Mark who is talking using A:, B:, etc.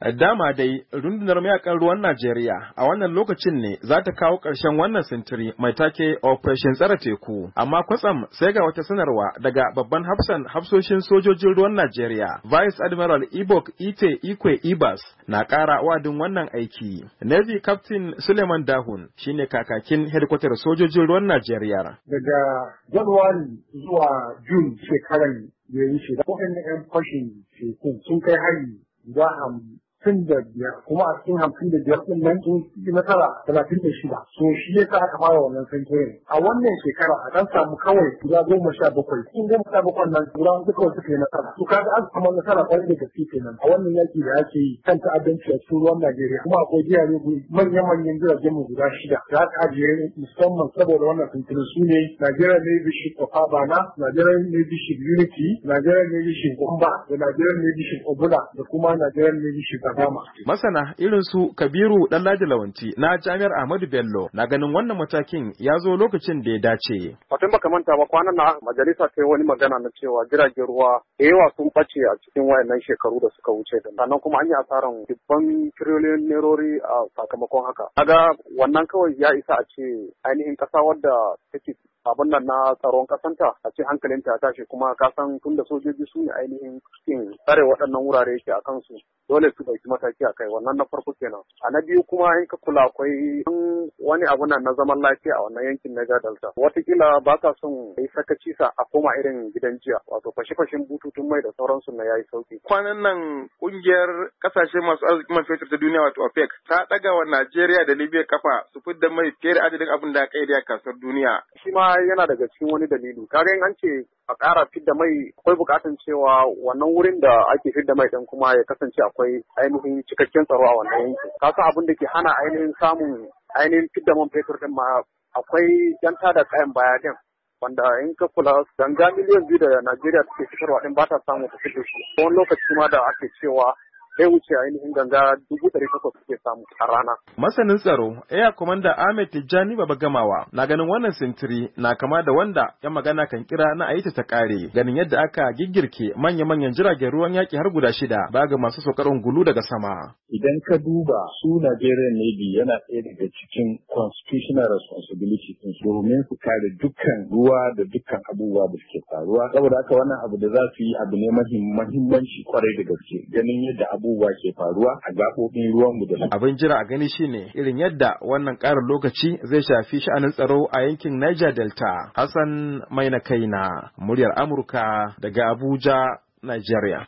A: Dama dai rundunar mayakan ruwan Najeriya a wannan lokacin ne za ta kawo ƙarshen wannan sintiri mai take Operation Tsare Teku. Amma kwatsam sai ga wata sanarwa daga babban hafsan hafsoshin sojojin ruwan Najeriya, Vice Admiral Ibok Ite Ikwe Ibas na ƙara wadin wannan aiki. Navy Captain Suleiman Dahun shine kakakin hedkwatar sojojin ruwan Najeriya.
B: Daga Januwari zuwa Jun shekarar ya yi shida, sun kai hari guda hamsin da biyar kuma a cikin hamsin da biyar ɗin nan sun ci nasara talatin da shida so shi ya sa aka fara wannan sankoyin a wannan shekara a kan samu kawai guda goma sha bakwai cikin goma sha bakwai nan guda duka wasu ke nasara su kaga an samu nasara kwarai da gaske kenan a wannan yaki da ake yi kan ta'addanci a cikin ruwan Najeriya kuma akwai jirage manya-manyan jiragen mu guda shida da aka ajiye musamman saboda wannan sankoyin su ne Najeriya Navy Ship of Habana, Nigerian Navy Ship Unity, Nigerian Navy Ship Gumba da Nigerian Navy Ship Obula da kuma Nigerian Navy Ship
A: Masana irin su Kabiru Ɗanlaji Lawanti na Jami'ar Ahmadu Bello na ganin wannan matakin ya zo lokacin da ya dace.
C: Wato baka manta ba kwanan na majalisa ta wani magana na cewa jiragen ruwa da yawa sun ɓace a cikin wayannan shekaru da suka wuce da sannan kuma an yi asaran dubban tiriliyon nerori a sakamakon haka. Kaga wannan kawai ya isa a ce ainihin ƙasa wadda take abin nan na tsaron kasanta a ce hankalinta ya tashi kuma ka san tunda sojoji su ne ainihin cikin tsare waɗannan wurare yake a kansu dole su ɗauki mataki a kai wannan na farko kenan a na biyu kuma in ka kula akwai wani abu na zaman lafiya a wannan yankin na gadalta watakila ba ka son yi sakaci sa a koma irin gidan jiya wato fashe-fashen bututun mai da sauransu na yayi sauki
A: kwanan nan kungiyar kasashe masu arzikin man fetur ta duniya wato OPEC ta ɗaga wa Najeriya da Libya kafa su fidda mai fere adadin
C: abin da aka yi da duniya shi ma yana daga cikin wani dalilu kaga in an ce a ƙara fidda mai akwai buƙatan cewa wannan wurin da ake fidda mai ɗin kuma ya kasance akwai ainihin cikakken tsaro a wannan yankin kasa abin da ke hana ainihin samun ainihin fidda man fetur ɗin ma akwai yan tada kayan baya din wanda in ka kula ganga miliyan biyu da Najeriya suke fitarwa din ba ta samun ta fito shi wani lokaci ma da ake cewa Sai wuce ainihin ganga dubu ɗari takwas suke samu a rana.
A: Masanin tsaro Air Commander Ahmed Tijjani Baba Gamawa na ganin wannan sintiri na kama da wanda ya magana kan kira na ayita ta kare ganin yadda aka giggirke manya-manyan jiragen ruwan yaƙi har guda shida ba ga masu saukar ungulu daga sama.
B: Idan ka duba su Nigerian Navy yana ɗaya daga cikin constitutional responsibility domin su kare dukkan ruwa da dukkan abubuwa da suke faruwa saboda haka wannan abu da za su yi abu ne mahimmanci kwarai da gaske ganin yadda abu abubuwa ke faruwa a gaɓoɓin ruwanmu da
A: abin jira a gani shine irin yadda wannan ƙarin lokaci zai shafi sha'anin tsaro a yankin Niger Delta Hassan Maina Kaina muryar Amurka daga Abuja Nigeria